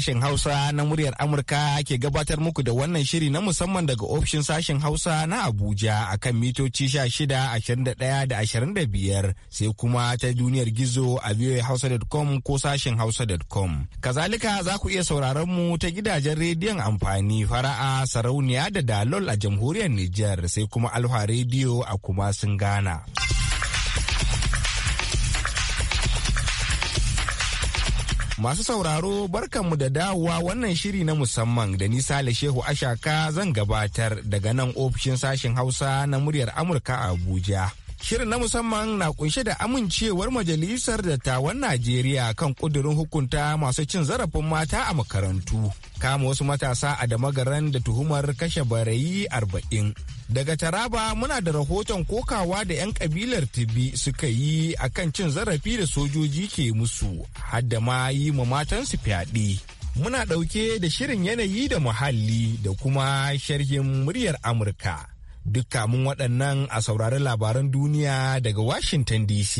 Sashen Hausa na muryar Amurka ke gabatar muku da wannan shiri na musamman daga ofishin sashen Hausa na Abuja a kan mitoci 16, ashirin da da ashirin biyar sai kuma ta duniyar gizo a voahausa.com ko sashen Hausa.com. Kazalika za ku iya sauraron mu ta gidajen rediyon amfani fara'a sarauniya da dalol a jamhuriyar Nijar sai kuma Alfa rediyo a kuma sun Ghana. Masu sauraro barkanmu da dawowa wannan shiri na musamman da nisa da Shehu Ashaka zan gabatar daga nan ofishin sashen Hausa na muryar Amurka a Abuja. Shirin na musamman na kunshe da amincewar Majalisar Dattawan Najeriya kan kudurin hukunta masu cin zarafin mata a makarantu. Kama wasu matasa a damagaran da tuhumar kashe barayi arba'in. Daga Taraba muna da rahoton kokawa da 'yan kabilar Tibi suka yi a kan cin zarafi da sojoji ke musu, hadda ma yi ma matansu fyaɗe. Muna ɗauke da shirin yanayi da muhalli da kuma sharhin muryar Amurka. Duk kamun waɗannan a saurari labaran duniya daga Washington DC.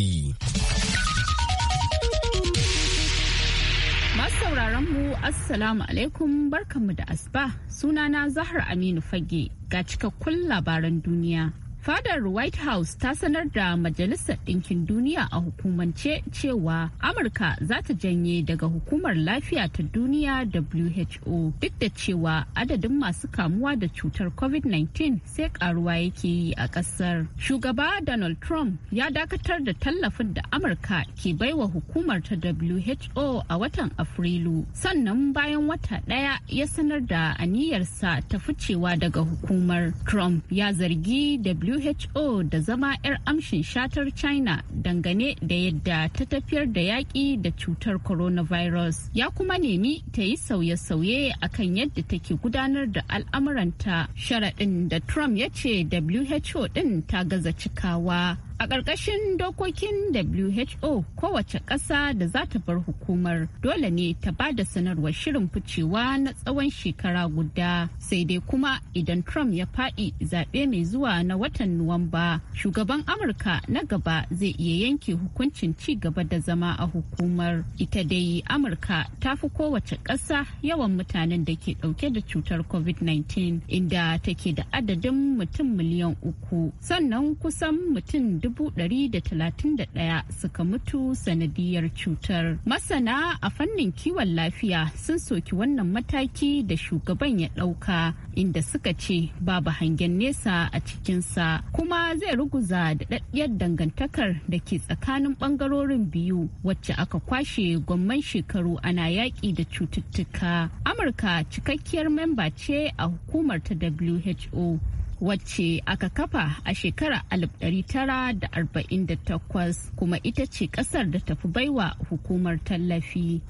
sauraronmu Assalamu alaikum barkanmu da asba sunana zahar Aminu Fage ga cikakkun labaran duniya. Fadar White House ta sanar da Majalisar Ɗinkin Duniya a hukumance cewa Amurka za ta janye daga Hukumar Lafiya ta Duniya WHO duk da cewa adadin masu kamuwa da cutar COVID-19 sai karuwa yake yi a ƙasar. Shugaba Donald Trump ya dakatar da tallafin da Amurka ke baiwa hukumar ta WHO a watan Afrilu. Sannan bayan wata ɗaya ya sanar da aniyarsa ta ficewa daga hukumar. Trump ya zargi WHO who da zama 'yar amshin shatar china dangane da yadda ta tafiyar da yaƙi da cutar coronavirus ya kuma nemi ta yi sauye-sauye a kan yadda take gudanar da al'amuranta sharaɗin da trump ya ce who ɗin ta gaza cikawa A ƙarƙashin dokokin WHO kowace ƙasa da za ta bar hukumar dole ne ta ba da sanarwar shirin ficewa na tsawon shekara guda. Sai dai kuma idan Trump ya faɗi zaɓe mai zuwa na watan Nuwamba, shugaban Amurka na gaba zai iya yanke hukuncin ci gaba da zama a hukumar. Ita dai Amurka ta fi kowace ƙasa yawan mutanen da ke ɗauke da cutar COVID-19 inda take da adadin mutum miliyan uku sannan kusan mutum 131 suka mutu sanadiyar cutar. Masana a fannin kiwon lafiya sun soki wannan mataki da shugaban ya ɗauka inda suka ce babu hangen nesa a cikinsa kuma zai ruguza daɗaɗɗiyar dangantakar da ke tsakanin ɓangarorin biyu wacce aka kwashe gwamman shekaru ana yaƙi da cututtuka. Amurka cikakkiyar memba ce a hukumar ta WHO wacce aka kafa a shekara 1948 kuma ita ce kasar da tafi baiwa hukumar tallafi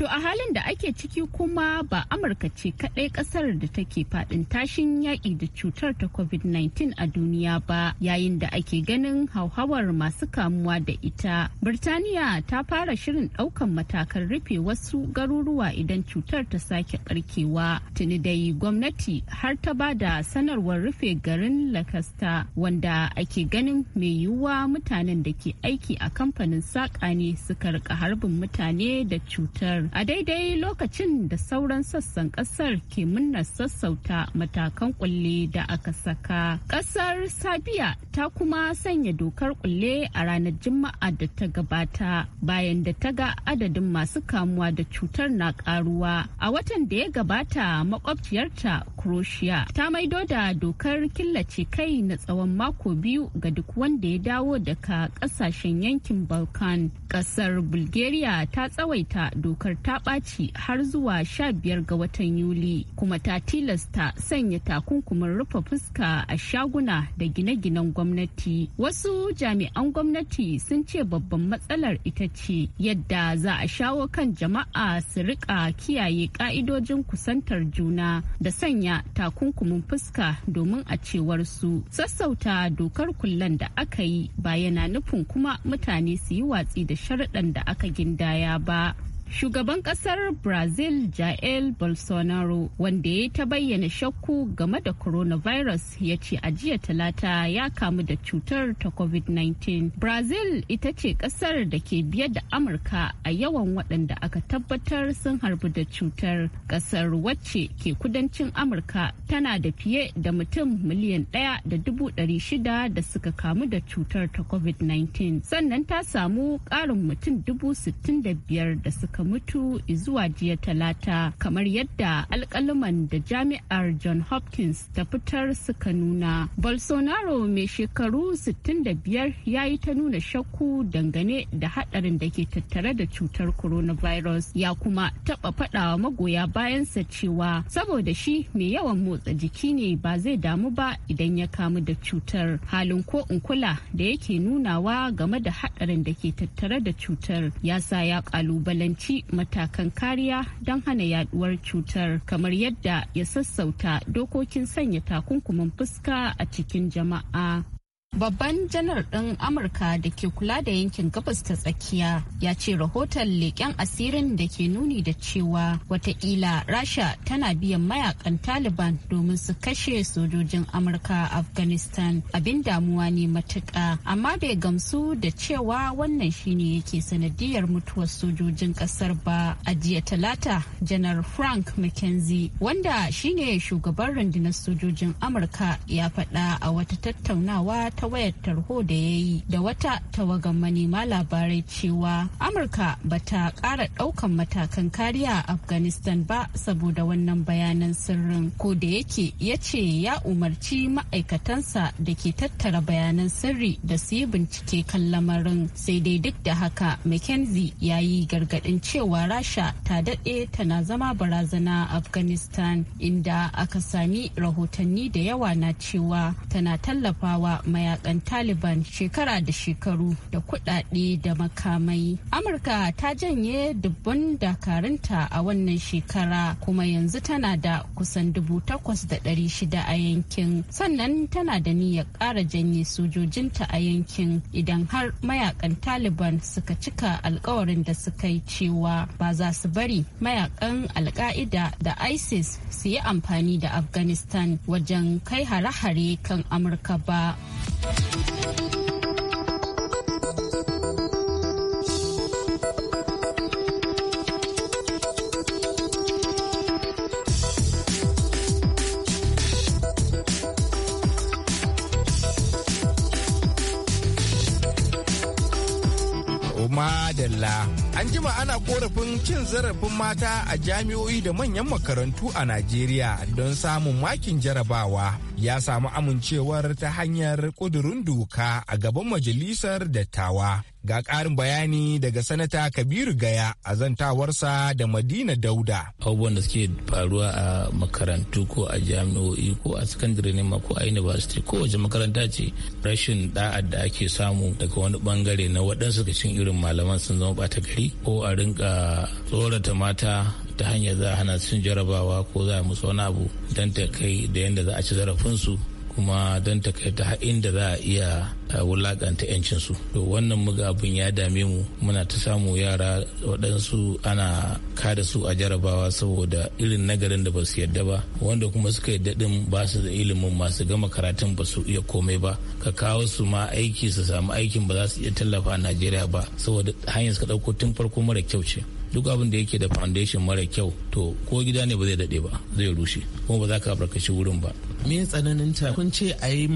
To a halin da ake ciki kuma ba Amurka ce kaɗai ƙasar da take faɗin tashin yaƙi da cutar ta COVID-19 a duniya ba yayin da ake ganin hauhawar masu kamuwa da ita. Birtaniya ta fara shirin ɗaukan matakan rufe wasu garuruwa idan cutar ta sake ƙarkewa. Tuni dai gwamnati har ta ba da sanarwar rufe garin Lakasta wanda ake ganin mai yiwuwa mutanen da ke aiki a kamfanin saƙa ne suka rika harbin mutane da cutar. a daidai lokacin da sauran sassan kasar ke munna sassauta matakan kulle da aka saka kasar sabiya ta kuma sanya dokar kulle a ranar juma'a da ta gabata bayan da ta ga adadin masu kamuwa da cutar na karuwa a watan da ya gabata makwabciyarta croatia ta maido da dokar killace kai na tsawon mako biyu ga duk wanda ya dawo daga kasashen yankin balkan kasar bulgaria ta tsawaita dokar dokar ta ɓaci har zuwa sha biyar ga watan Yuli kuma ta tilasta sanya takunkumin rufe fuska a shaguna da gine-ginen gwamnati. Wasu jami'an gwamnati sun ce babban matsalar ita ce yadda za a shawo kan jama'a su rika kiyaye ka'idojin kusantar juna da sanya takunkumin fuska domin a cewar su sassauta dokar kullan da aka yi ba yana nufin kuma mutane su yi watsi da sharaɗan da aka gindaya ba. shugaban kasar brazil jael bolsonaro wanda ya ta bayyana shakku game da coronavirus ya ce a jiya talata ya kamu da cutar ta covid-19 brazil ita ce kasar da ke biye da amurka a yawan waɗanda aka tabbatar sun harbu da cutar kasar wacce ke kudancin amurka tana da fiye da mutum miliyan ɗaya da dubu ɗari shida da suka kamu da cutar ta covid-19 sannan ta samu ƙarin mutum dubu sittin da biyar da suka Ka mutu zuwa jiya talata kamar yadda alkalaman da jami'ar john hopkins ta fitar suka nuna bolsonaro mai shekaru 65 ya yi ta nuna shakku dangane da hadarin da ke tattare da cutar coronavirus ya kuma taba fadawa magoya bayansa cewa saboda shi mai yawan motsa jiki ne ba zai damu ba idan ya kamu da cutar halin ko in kula da yake nunawa game da hadarin da ke tattare da cutar ya sa ya kalubalanci ɗauki matakan kariya don hana yaduwar cutar kamar yadda ya sassauta dokokin sanya takunkuman fuska a cikin jama'a Babban janar ɗin Amurka da ke kula da yankin gabas ta tsakiya ya ce rahoton leƙen asirin da ke nuni da cewa watakila Rasha tana biyan mayakan Taliban domin su kashe sojojin Amurka a Afghanistan abin damuwa ne matuƙa amma bai gamsu da cewa wannan shine yake sanadiyar mutuwar sojojin ƙasar ba a jiya talata janar Frank McKenzie wanda shine shugaban rundunar sojojin Amurka ya faɗa a wata tattaunawa ta wayar tarho da ya yi da wata tawagan manema labarai cewa amurka ba ta kara daukan matakan kariya a afghanistan ba saboda wannan bayanan sirrin ko da yake ya ce ya umarci ma'aikatansa da ke tattara bayanan sirri da su yi bincike kan lamarin sai dai duk da haka mckenzie ya yi gargadin cewa rasha ta daɗe tana zama barazana a afghanistan inda aka sami rahotanni da yawa na cewa tana tallafawa maya mayakan Taliban shekara da shekaru da kuɗaɗe da makamai. Amurka ta janye dubban dakarunta a wannan shekara kuma yanzu tana da kusan dubu takwas da ɗari shida a yankin. Sannan tana da niyyar ƙara janye sojojinta a yankin idan har mayakan Taliban suka cika alkawarin da suka yi cewa ba za su bari mayakan alka'ida da ISIS su yi amfani da Afghanistan wajen kai hare-hare kan Amurka ba. An jima ana korafin cin zarafin mata a jami'o'i da manyan makarantu a Najeriya don samun makin jarabawa. ya samu amincewar ta hanyar ƙudurin doka a gaban majalisar dattawa Ga ƙarin bayani daga Sanata Kabiru Gaya a zantawarsa da Madina Dauda. Abubuwan da suke faruwa a makarantu ko a jami'o'i ko a sakandare ne ko a university ko wace makaranta ce rashin da'ad da ake samu daga wani bangare na waɗansu ga cin irin malaman sun zama ɓata gari ko a rinka tsorata mata ta hanyar za a hana sun jarabawa ko za a musu wani abu don ta kai da yadda za a ci zarafinsu kuma don takaita har da za a iya wulaƙanta 'yancinsu to wannan muga abin ya dame mu muna ta samu yara waɗansu ana kada su a jarabawa saboda irin nagarin da ba su yadda ba wanda kuma suka yi daɗin ba su da ilimin masu gama karatun ba su iya komai ba ka kawo su ma aiki su samu aikin ba za su iya tallafa a najeriya ba saboda hanyar suka ɗauko tun farko mara kyau ce duk abin da yake da foundation mara kyau to ko gida ne ba zai dade ba zai rushe kuma ba za ka barkaci wurin ba me tsananin ta kun ce a yi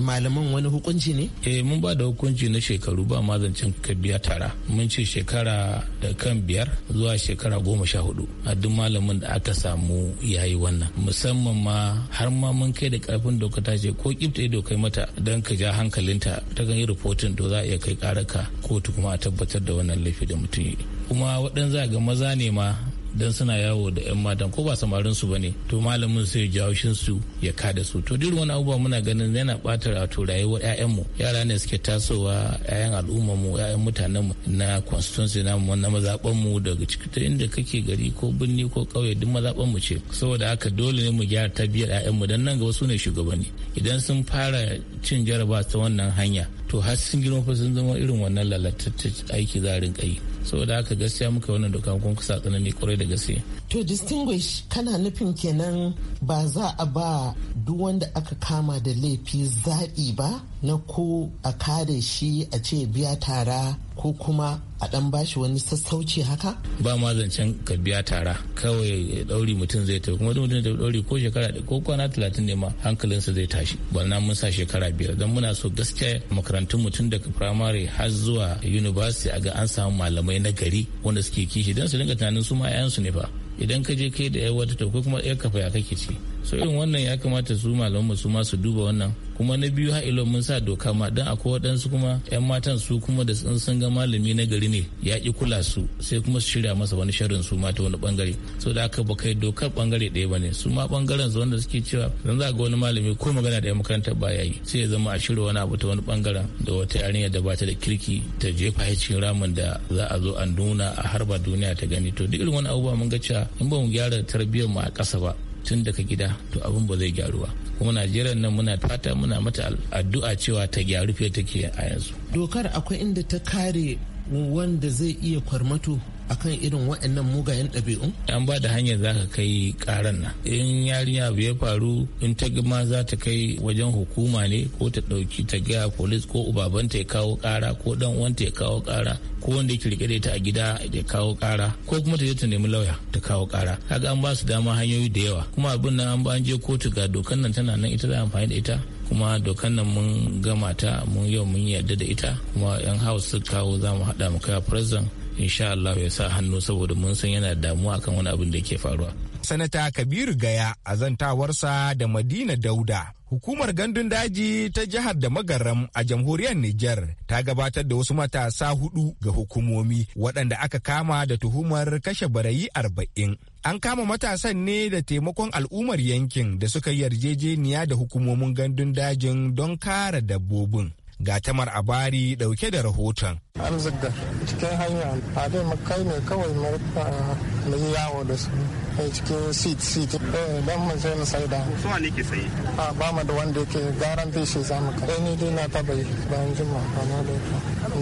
malaman wani hukunci ne eh mun ba da hukunci na shekaru ba zancen ka biya tara mun ce shekara da kan biyar zuwa shekara goma sha hudu a duk malamin da aka samu ya yi wannan musamman ma har ma mun kai da karfin doka ta ce ko kifta ido kai mata don ka ja hankalinta ta kan yi rahoton to za a iya kai karaka kotu kuma a tabbatar da wannan laifi da mutum yi kuma waɗanda za ga maza ne ma don suna yawo da 'yan matan ko ba samarin su ba ne to malamin sai ya su ya da su to duk wani abubuwa muna ganin yana ɓata a rayuwar 'ya'yanmu yara ne suke tasowa 'ya'yan al'ummar 'ya'yan mutanenmu na constituency na mu na mazaɓanmu daga ciki ta inda kake gari ko birni ko ƙauye duk mazaɓanmu ce saboda haka dole ne mu gyara tabiyar 'ya'yan mu dan nan gaba su ne shugabanni idan sun fara cin jaraba ta wannan hanya to har sun girma fa sun zama irin wannan lalataccen aiki za a rinka yi saboda haka gaskiya muka wannan doka kun kusa tsanani kwarai da gaske to distinguish kana nufin kenan ba za a ba duk wanda aka kama da laifi zaɓi ba na ko a kare shi a ce biya tara ko kuma a dan bashi wani sassauci haka? Ba ma zancen ka biya tara kawai ɗauri mutum zai tafi kuma mutum da ɗauri ko shekara ko kwana talatin ne ma hankalinsa zai tashi wannan mun sa shekara biyar don muna so gaskiya makarantun mutum daga firamare har zuwa university a ga an samu malamai na gari wanda suke kishi don su dinga tunanin su ma 'ya'yansu ne fa idan ka je kai da 'yar wata to kuma 'yar kafa ya kake ci. so irin wannan ya kamata su malamu su ma su duba wannan kuma na biyu ha'ilo mun sa doka ma dan akwai waɗansu kuma 'yan matan su kuma da sun san ga malami na gari ne ya ki kula su sai kuma su shirya masa wani sharrin su ma ta wani bangare so da aka ba kai dokar bangare ɗaya ba ne su ma bangaren su wanda suke cewa dan za ga wani malami ko magana da ya makaranta ba ya yi sai ya zama a shirya wani abu ta wani bangaren da wata yarinya da bata da kirki ta jefa cikin ramin da za a zo a nuna a harba duniya ta gani to duk irin wani abubuwa mun ga cewa in ba mu gyara tarbiyyar mu a ƙasa ba tun daga gida to abin ba zai gyaru ba kuma najeriya nan muna fata muna mata addu'a cewa ta gyaru fiye take a yanzu dokar akwai inda ta kare wanda zai iya kwarmato akan irin waɗannan mugayen ɗabi'un? An ba da hanyar za ka kai karan nan. In yarinya abu ya faru in ta ma za ta kai wajen hukuma ne ko ta ɗauki ta gaya polis ko ubabanta ya kawo kara ko dan uwanta ya kawo kara ko wanda yake rike da ita a gida ya kawo kara ko kuma ta je ta nemi lauya ta kawo kara. Kaga an ba su dama hanyoyi da yawa kuma abin nan an ba an je kotu ga dokan nan tana nan ita za amfani da ita kuma dokan nan mun gama ta mun yau mun yarda da ita kuma yan house su kawo za mu haɗa mu kai president insha Allah ya sa hannu saboda mun san yana damuwa akan wani abin da ke faruwa. Sanata Kabiru Gaya a zantawarsa da Madina Dauda. Hukumar gandun daji ta jihar da magaram a jamhuriyar Nijar ta gabatar da wasu matasa hudu ga hukumomi waɗanda aka kama da tuhumar kashe barayi arba'in. An kama matasan ne da taimakon al'ummar yankin da suka yarjejeniya da hukumomin gandun dajin don kare dabbobin. ga tamar abari dauke da rahoton an arzikda cikin hanya a dai makai ne kawai na ah, yi yawo da su a eh, cikin seat seat eh, don mu sai mu sai da ne ke saye. a ah, ba mu da wanda yake garanti shi za mu kai eh, ne dai na taba yi bayan jima ba na da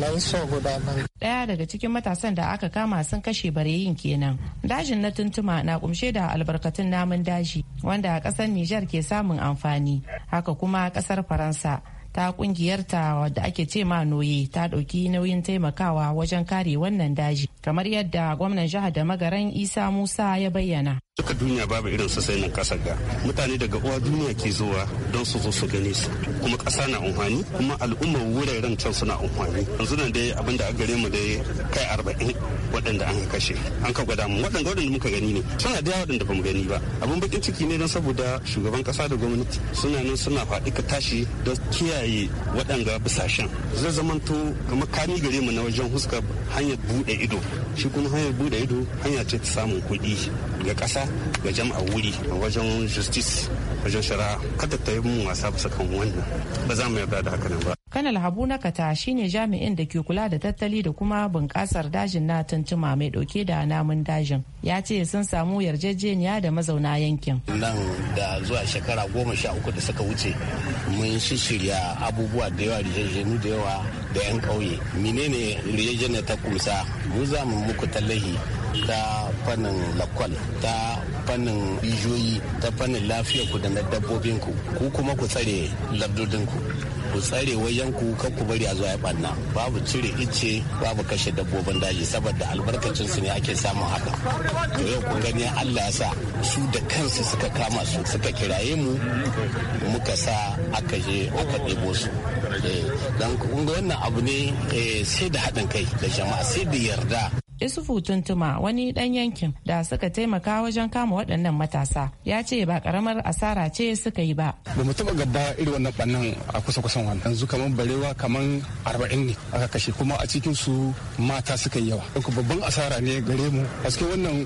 na yi so guda ban daya daga cikin matasan da aka kama sun kashe bareyin kenan dajin na tuntuma na kumshe da albarkatun namun daji wanda kasar Nijar ke samun amfani haka kuma kasar Faransa ta kungiyarta da ake ce ma noye ta ɗauki nauyin taimakawa wajen kare wannan daji kamar yadda gwamnan jihar da magaran isa musa ya bayyana duka duniya babu irin su sai nan kasar ga mutane daga uwa duniya ke zuwa don su zo su gane su kuma ƙasa na amfani kuma al'ummar wuraren can suna amfani yanzu nan dai abin da gare mu dai kai arba'in waɗanda an kashe an ka gwada mu waɗanda waɗanda muka gani ne suna da yawa waɗanda bamu gani ba abin bakin ciki ne don saboda shugaban kasa da gwamnati suna nan suna faɗi ka tashi don kiyaye waɗanda bisashen zai zamanto kamar kani gare mu na wajen huska hanyar buɗe ido shi kuma hanyar buɗe ido hanya ce ta samun kuɗi ga ƙasa ga jama'a wuri wajen justice wajen shari'a kada ta yi mun wasa bisa kan wannan ba za mu yarda da haka nan ba kanal habu na kata shine jami'in da ke kula da tattali da kuma bunƙasar dajin na tuntuma mai ɗauke da namun dajin ya ce sun samu yarjejeniya da mazauna yankin nan da zuwa shekara goma sha uku da suka wuce mun shirya abubuwa da yawa da da yawa da 'yan ƙauye menene rijiyar ta kusa mu za mu muku tallahi ta fannin lakwal ta fannin rijiyoyi ta fannin lafiyar ku da na dabbobin ku ku kuma ku tsare lardodin ku ku tsare wajen ku kan ku bari a zuwa ya banna babu cire ice babu kashe dabbobin daji saboda albarkacin su ne ake samun haka to yau kun gani Allah ya sa su da kansu suka kama su suka kiraye mu muka sa aka je aka ɗebo su eh, dan kun wannan abu ne eh, sai da haɗin kai da jama'a sai da yarda isufu tuntuma wani dan yankin da suka taimaka wajen kama waɗannan matasa ya ce ba karamar asara ce suka yi ba ba mu taba gaba irin wannan bannan a kusa kusan wannan yanzu kaman barewa kaman arba'in ne aka kashe kuma a cikin su mata suka yi yawa babban asara ne gare mu a cikin wannan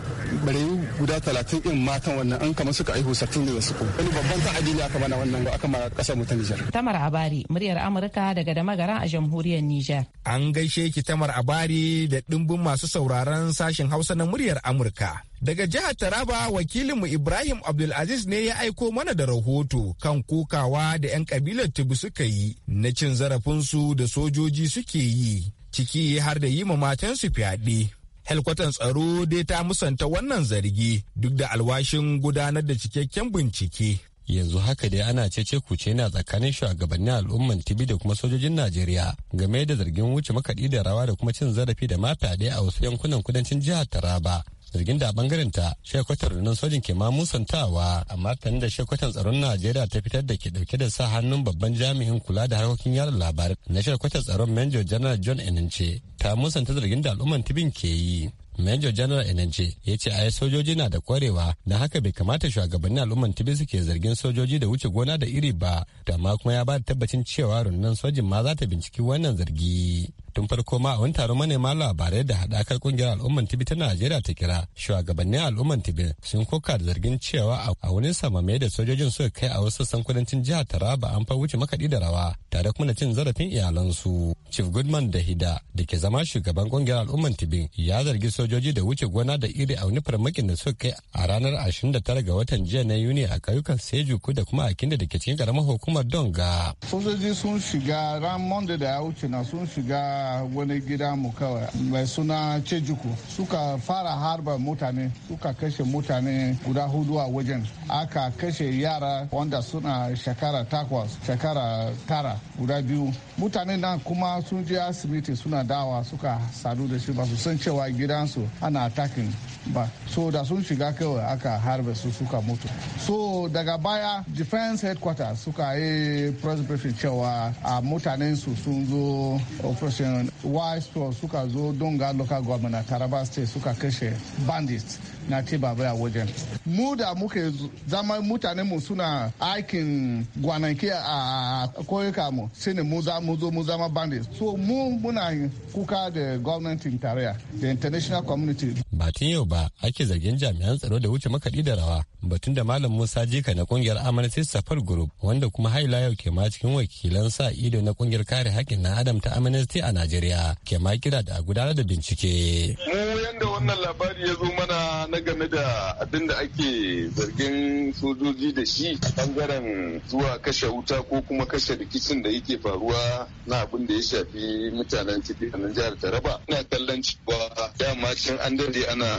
barewu guda talatin din matan wannan an kama suka aihu ne da su wani babban ta ne aka mana wannan aka ma kasar mu ta Nijar Tamar Abari muryar Amurka daga da magara a jamhuriyar Nijar an gaishe ki Tamar Abari da dimbin masu sauraro sauraron sashen Hausa na muryar Amurka. Daga jihar Taraba wakilinmu Ibrahim Abdulaziz ne ya aiko mana da rahoto kan kokawa da 'yan kabilar Tibu suka yi na cin zarafinsu da sojoji suke yi, ciki har da yi ma matansu fyaɗe. helkwatan tsaro dai ta musanta wannan zargi duk da alwashin gudanar da cikakken bincike yanzu haka dai ana cece kuce na tsakanin shugabannin al'umman tibi da kuma sojojin najeriya game da zargin wuce makaɗi da rawa da kuma cin zarafi da mata mafaɗe a wasu yankunan kudancin jihar taraba zargin da bangaren ta shekwatar rundunar sojin ke ma musantawa amma ta da shekwatar tsaron najeriya ta fitar da ke dauke da sa hannun babban jami'in kula da harkokin yada labarai na shekwatar tsaron manjo janar john enince ta musanta zargin da al'umman tibin ke yi Major General Enenche ya ce a sojoji na da kwarewa da haka bai kamata shugabannin al'umman Tibi ke zargin sojoji da wuce gona da iri ba, da ma kuma ya ba da tabbacin cewa rundunar sojin ma za ta binciki wannan zargi. tun farko ma a wani taron manema labarai da hadakar ƙungiyar al'umman tibi ta najeriya ta kira shugabannin al'umman tibi sun koka da zargin cewa a wani samame da sojojin suka kai a wasu sassan kudancin jihar taraba an far wuce makaɗi da rawa tare kuma da cin zarafin iyalansu chief goodman da hida da ke zama shugaban ƙungiyar al'umman tibi ya zargi sojoji da wuce gona da iri a wani farmakin da suka kai a ranar tara ga watan jiya na yuni a ƙauyukan sejuku da kuma akinda da ke cikin ƙaramar hukumar donga sojoji sun shiga ran monday da ya wuce na sun shiga wani gida mu kawai mai suna cejuku suka fara harba mutane suka kashe mutane guda hudu a wajen aka kashe yara wanda suna shekara takwas shekara tara guda biyu mutane nan kuma sun je asibiti suna dawa suka sadu da shi ba su san cewa gidansu ana atakin ba so da sun shiga kawai aka harbe su suka mutu so daga baya defense headquarters suka yi press briefing cewa a mutanen su sun zo operation wise suka zo donga local government a taraba state suka kashe bandits na ce ba a wajen mu da muke zama mutanen mu suna aikin gwanaki a koyuka mu sai mu za mu zo mu zama bandit so mu muna kuka da gwamnatin tarayya da international community ba tun yau ba ake zargin jami'an tsaro da wuce makaɗi da rawa batun da malam musa jika na kungiyar amnesty safar group wanda kuma haila yau ke ma cikin wakilan sa ido na kungiyar kare haƙƙin na adam ta amnesty a najeriya ke ma kira da gudanar da bincike mu yanda wannan labari ya zo mana na game da abin da ake zargin sojoji da shi a bangaren zuwa kashe wuta ko kuma kashe rikicin da yake faruwa na abin da ya shafi mutanen cikin jihar taraba ina kallon cewa dama cin an dade ana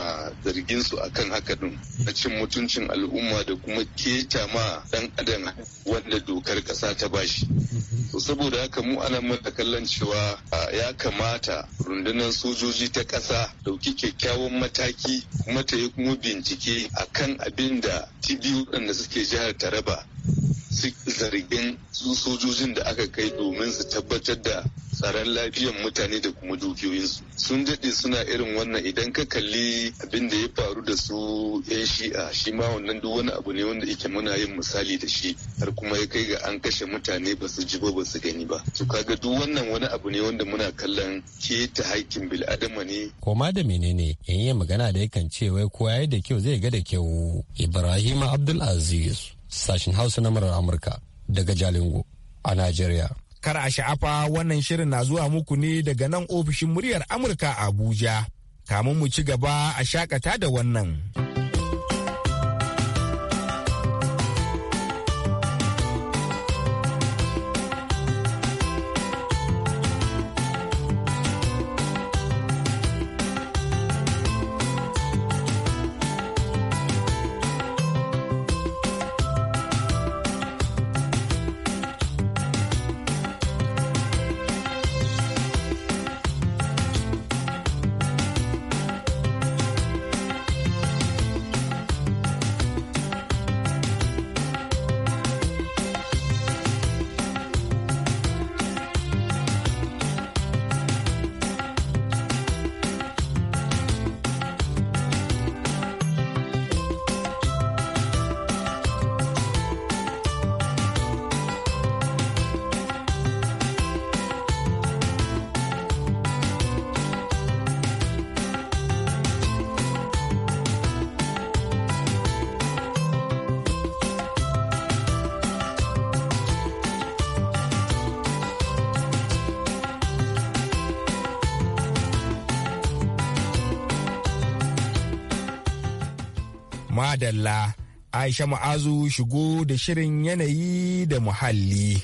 zargin su akan haka din na cin mutuncin al'umma da kuma keta ma dan adam wanda dokar ƙasa ta bashi to saboda haka mu ana mata kallon cewa ya kamata rundunar sojoji ta ƙasa dauki kyakkyawan mataki kuma ta yi kuma bincike akan abin da tibiyu da suke jihar taraba zargin su sojojin da aka kai domin su tabbatar da tsaron lafiyan mutane da kuma dukiyoyinsu sun daɗe suna irin wannan idan ka kalli abin da ya faru da su yan shi'a shi ma wannan duk wani abu ne wanda yake muna yin misali da shi har kuma ya kai ga an kashe mutane ba su ji ba ba su gani ba su kaga duk wannan wani abu ne wanda muna kallon keta haƙƙin bil'adama ne. koma da menene in yi magana da yakan ce wai kowa ya da kyau zai ga da kyau ibrahim abdul aziz sashen hausa na murar amurka daga jalingo a najeriya. kar a sha'afa wannan shirin na zuwa muku ne daga nan ofishin muryar Amurka a Abuja. Kamun mu ci gaba a shakata da wannan. madalla aisha ma'azu shigo da shirin yanayi da muhalli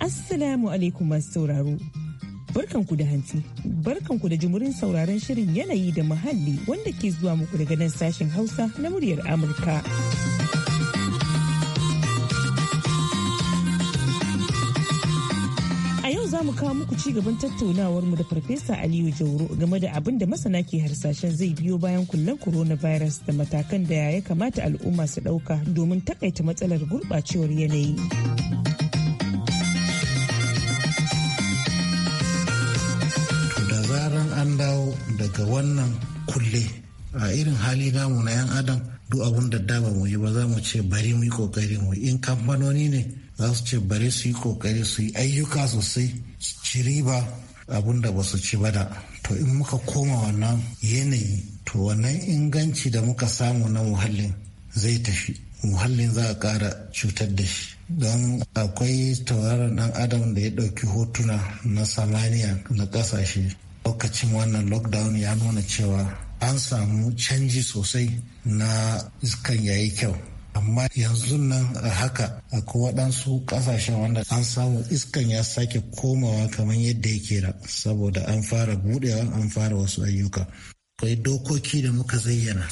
Assalamu alaikum masu sauraro barkanku da hantsi barkanku da jimurin sauraron shirin yanayi da muhalli wanda ke zuwa muku daga nan sashen hausa na muryar amurka a yau za mu kawo muku ci gaban tattaunawarmu da farfesa aliyu jauro game da abin da masana ke harsashen zai biyo bayan kullen coronavirus da matakan da ya kamata al'umma su ɗauka domin takaita matsalar gurɓacewar yanayi an dawo daga wannan kulle a irin hali namu na 'yan adam duk abun da dama mu yi ba za mu ce bari mu yi kokari mu in kamfanoni ne za su ce bari su yi kokari su yi ayyuka sosai su ci riba abun da ba su ci ba da to in muka koma wannan yanayi to wannan inganci da muka samu na muhallin zai tafi muhallin za a kara cutar da shi don akwai tauraron dan adam da ya ɗauki hotuna na samaniya na ƙasashe lokacin wannan lockdown ya nuna cewa an samu canji sosai na iskan yayi kyau amma yanzu nan a haka akwai waɗansu ƙasashen wanda an samu iskan ya sake komawa kamar yadda yake da saboda an fara buɗewa an fara wasu ayyuka akwai dokoki da muka zayyana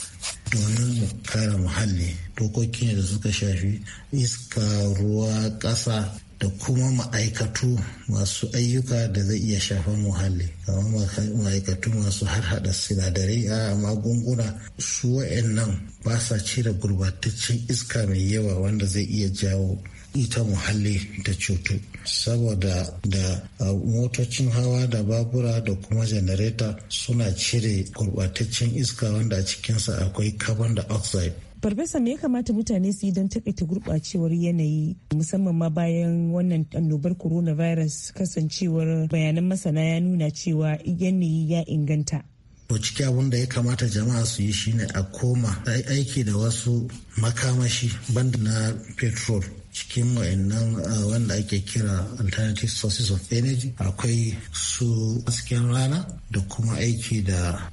domin mu kare muhalli dokoki ne da suka shafi iska ruwa ƙasa da kuma ma'aikatu masu ayyuka da zai iya shafan muhalli kamar ma'aikatu masu harhaɗa sinadarai a magunguna su wa'annan ba sa cire gurbataccen iska mai yawa wanda zai iya jawo ita muhalli da cutu saboda da motocin hawa da babura da kuma janareta suna cire gurbataccen iska wanda a cikinsa akwai carbon dioxide Farfesa me ya kamata mutane su yi don takaita gurɓacewar yanayi musamman ma bayan wannan annobar coronavirus kasancewar bayanan masana ya nuna cewa yanayi ya inganta. to ciki abin da ya kamata jama'a su yi shine a koma aiki da wasu makamashi banda na petrol cikin waannan wanda ake kira alternative sources of energy akwai su hasken rana da kuma aiki da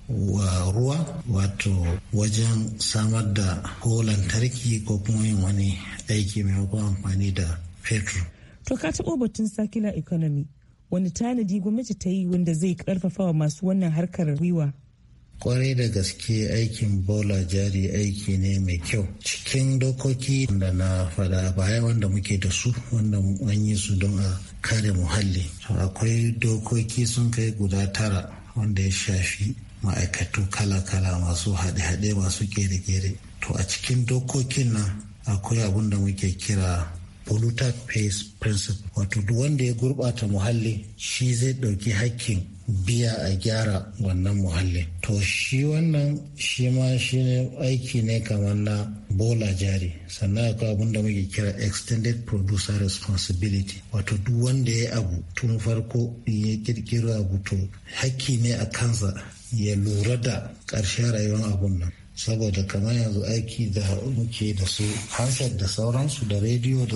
ruwa wato wajen samar da ko lantarki ko kuma yin wani aiki maimakon amfani da petrol. To ka taɓo batun circular economy wani tanadi gwamnati ta yi wanda zai karfafa wa masu wannan harkar gwiwa kwarai da gaske aikin bola jari aiki ne mai kyau cikin dokoki da na fada baya wanda muke da su wanda an yi su don a kare muhalli akwai dokoki sun kai guda tara wanda ya shafi ma'aikatu kala-kala masu haɗe-haɗe masu gere-gere. to a cikin dokokin nan akwai abin da muke kira polluter pays principle wato duk wanda ya gurɓata muhalli shi zai ɗauki hakkin biya a gyara wannan muhalli to shi wannan shi ma shi ne aiki ne kamar na bola jari sannan akwai abin da muke kira extended producer responsibility wato duk wanda ya abu tun farko ya kirkiro abu to hakki ne a kansa ya lura da ƙarshen rayuwar abun nan saboda kamar yanzu aiki da muke da su hansar da sauransu da rediyo da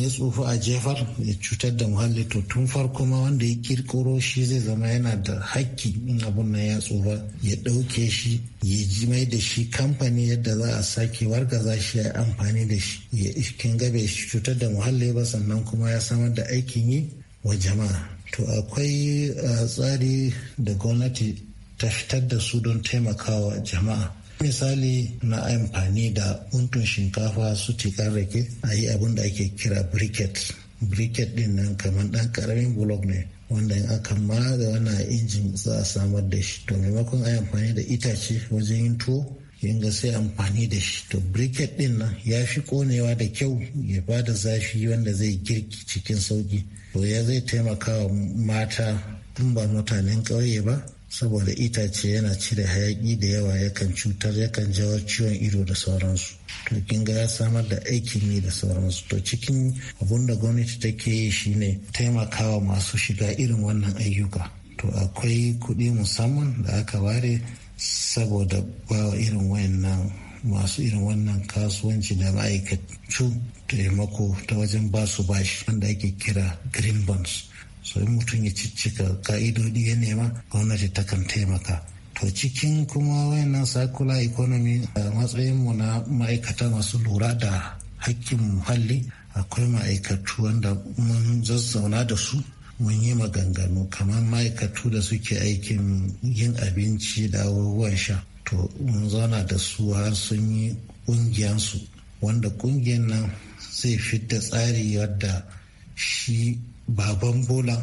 ya tsufa a jefar ya cutar da muhalli to tun farko ma wanda ya kirkiro shi zai zama yana da hakki in abun nan ya tsufa ya ɗauke shi ya ji mai da shi kamfani yadda za a sake wargaza shi ya amfani da shi ya iskin gabe shi cutar da muhalli ba sannan kuma ya samar da aikin yi wa jama'a to akwai ah, tsari da gwamnati ta fitar da su don taimakawa jama'a misali na amfani da untun shinkafa su tikar rake a yi abin da ake kira biriket biriket din nan kamar dan karamin bulog ne wanda in aka maza wannan injin za a samar da shi to maimakon a amfani da itace wajen yin tuwo ga sai amfani da shi to biriket din nan ya fi konewa da kyau ya ba da zafi wanda zai girki cikin sauki to ya zai taimaka wa mata tun ba mutanen ƙauye ba saboda itace yana cire hayaki da yawa yakan cutar yakan jawo ciwon ido da sauransu to kin ya samar da aikin yi da sauransu to cikin abun da gwamnati take yi shine taimakawa masu shiga irin wannan ayyuka to akwai kuɗi musamman da aka ware saboda bawa irin wayannan masu irin wannan kasuwanci da ma'aikacin taimako ta wajen basu bashi wanda ake kira green bonds so mutum ya ciccika ka'idodi ya nema gwamnati takan taimaka to cikin kuma wayannan circular economy a matsayinmu na ma'aikata masu lura da hakkin muhalli akwai ma'aikatu wanda mun zazzauna da su mun yi maganganu kamar ma'aikatu da suke aikin yin abinci da ruwan sha to mun zauna da su har sun yi ƙungiyansu wanda ƙungiyar nan zai fidda tsari wadda shi baban bola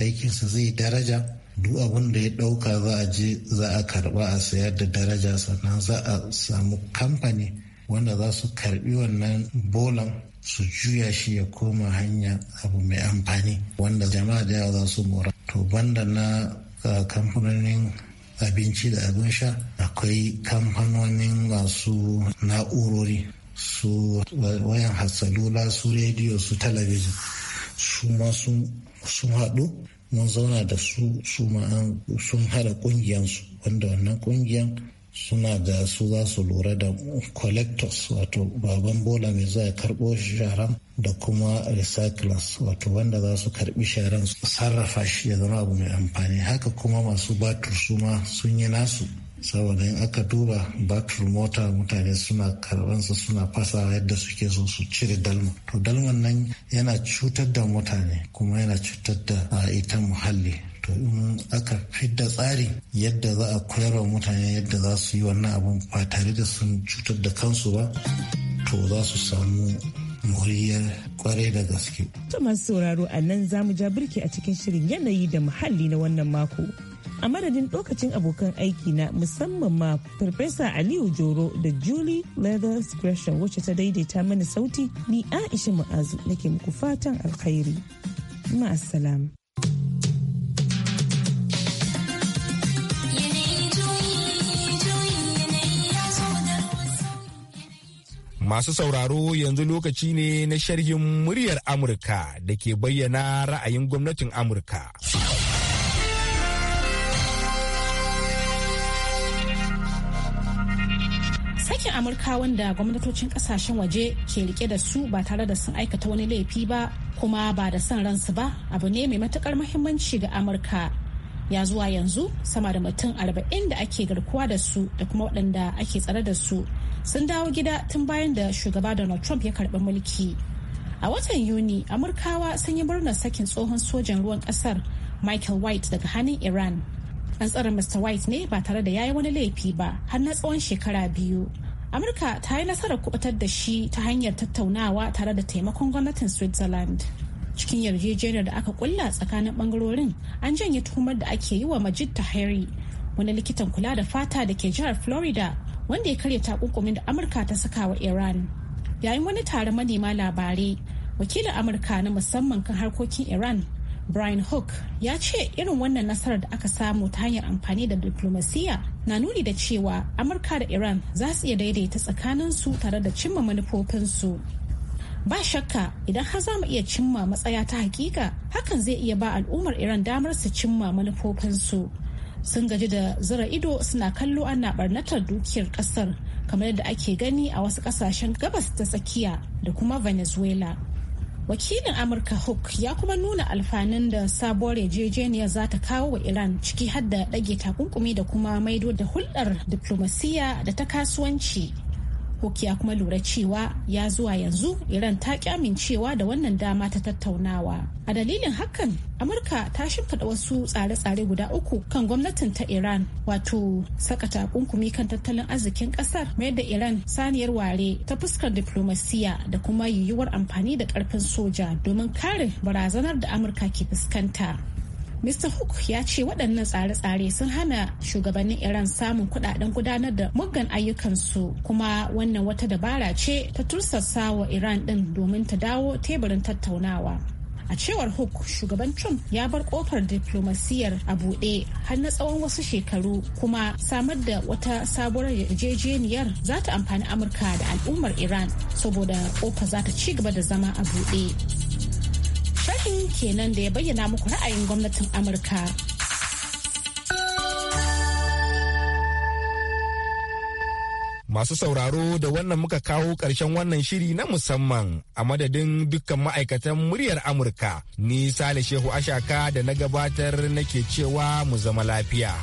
aikinsa zai daraja duk abin da ya ɗauka za a je za a karba a sayar da daraja sannan za a samu kamfani wanda za su karbi wannan bolan su juya shi ya koma hanya abu mai amfani wanda jama'a da yawa za su mora to banda na kamfanonin abinci da abin sha akwai kamfanonin masu na'urori su wayan hasalula su rediyo su talabijin su ma sun haɗu mun zauna da su su ma sun haɗa ƙungiyansu wanda wannan ƙungiyan suna da su za su lura da collectors wato baban bola mai zuwa karɓo sharan da kuma recyclers wato wanda za su karɓi sharan sarrafa shi ya zama abu mai amfani haka kuma masu batur su ma sun yi nasu saboda in aka duba batur mota mutane suna karbansa suna fasa yadda suke so su cire dalma to dalman nan yana cutar da mutane kuma yana cutar da ita muhalli to in aka fidda tsari yadda za a koyarwa mutane yadda za su yi wannan abun ba tare da sun cutar da kansu ba to za su samu moriyar kwarai da gaske. ta masu sauraro a nan za mu ja birki a cikin shirin yanayi da muhalli na wannan mako. a madadin lokacin abokan aiki na musamman ma farfesa aliyu joro da julie Leather scratcher wacce ta daidaita mana sauti ni aisha mu'azu nake muku fatan alkhairi ma'assalam Masu sauraro yanzu lokaci ne na sharhin muryar Amurka da ke bayyana ra'ayin gwamnatin Amurka. hakkin amurka wanda gwamnatocin kasashen waje ke rike da su ba tare da sun aikata wani laifi ba kuma ba da son ransu ba abu ne mai matukar muhimmanci ga amurka ya zuwa yanzu sama da mutum arba'in da ake garkuwa da su da kuma waɗanda ake tsare da su sun dawo gida tun bayan da shugaba donald trump ya karɓi mulki a watan yuni amurkawa sun yi murnar sakin tsohon sojan ruwan ƙasar michael white daga hannun iran an tsare mr white ne ba tare da yayi wani laifi ba har na tsawon shekara biyu amurka ta yi nasarar kubutar da shi ta hanyar tattaunawa tare da taimakon gwamnatin switzerland cikin yarjejeniyar da aka kulla tsakanin bangarorin an janye tuhumar da ake yi wa majid tahiri wani likitan kula da fata da ke jihar florida wanda ya karya takunkumin da amurka ta saka wa iran yayin wani taron manema labarai wakilin amurka na musamman kan harkokin iran brian hook ya ce irin wannan nasarar da aka samu ta hanyar amfani da diplomasiya na nuni da cewa amurka da iran za su iya daidaita tsakanin su tare da cimma manufofinsu ba shakka idan har za mu iya cimma matsaya ta hakika hakan zai iya ba al'ummar iran damar su cimma manufofinsu sun gaji da zura ido suna kallo ana barnatar dukiyar kasar kamar yadda ake gani a wasu kasashen gabas ta tsakiya da kuma venezuela wakilin amurka hook ya kuma nuna alfanun da sabuwar yarjejeniyar za ta kawo wa iran ciki hadda da ɗage takunkumi da kuma maido da hulɗar diplomasiya da ta kasuwanci Hoki kuma lura cewa ya zuwa yanzu Iran ta ki amincewa da wannan dama ta tattaunawa. A dalilin hakan, Amurka ta shimfiɗa wasu tsare-tsare guda uku kan gwamnatin ta Iran wato saka takunkumi kan tattalin arzikin ƙasar mai da Iran saniyar ware ta fuskar diplomasiya da kuma yiwuwar amfani da ƙarfin soja domin kare barazanar da Amurka ke fuskanta. Mr. Hook ya ce waɗannan tsare-tsare sun hana shugabannin Iran samun kudaden gudanar da muggan ayyukansu kuma wannan wata dabara ce ta tursasa wa Iran ɗin domin ta dawo teburin tattaunawa. A cewar Hook, shugaban Trump ya bar kofar diplomasiyar a buɗe har na tsawon wasu shekaru kuma samar da wata sabuwar yarjejeniyar za ta amfani Amurka da al'ummar Iran saboda ƙofa za ta ci gaba da zama a buɗe. Sharhin kenan da ya bayyana muku ra'ayin gwamnatin Amurka. Masu sauraro da wannan muka kawo ƙarshen wannan shiri na musamman a madadin dukkan ma'aikatan muryar Amurka. Ni Sale Shehu Ashaka da na gabatar nake cewa mu zama lafiya.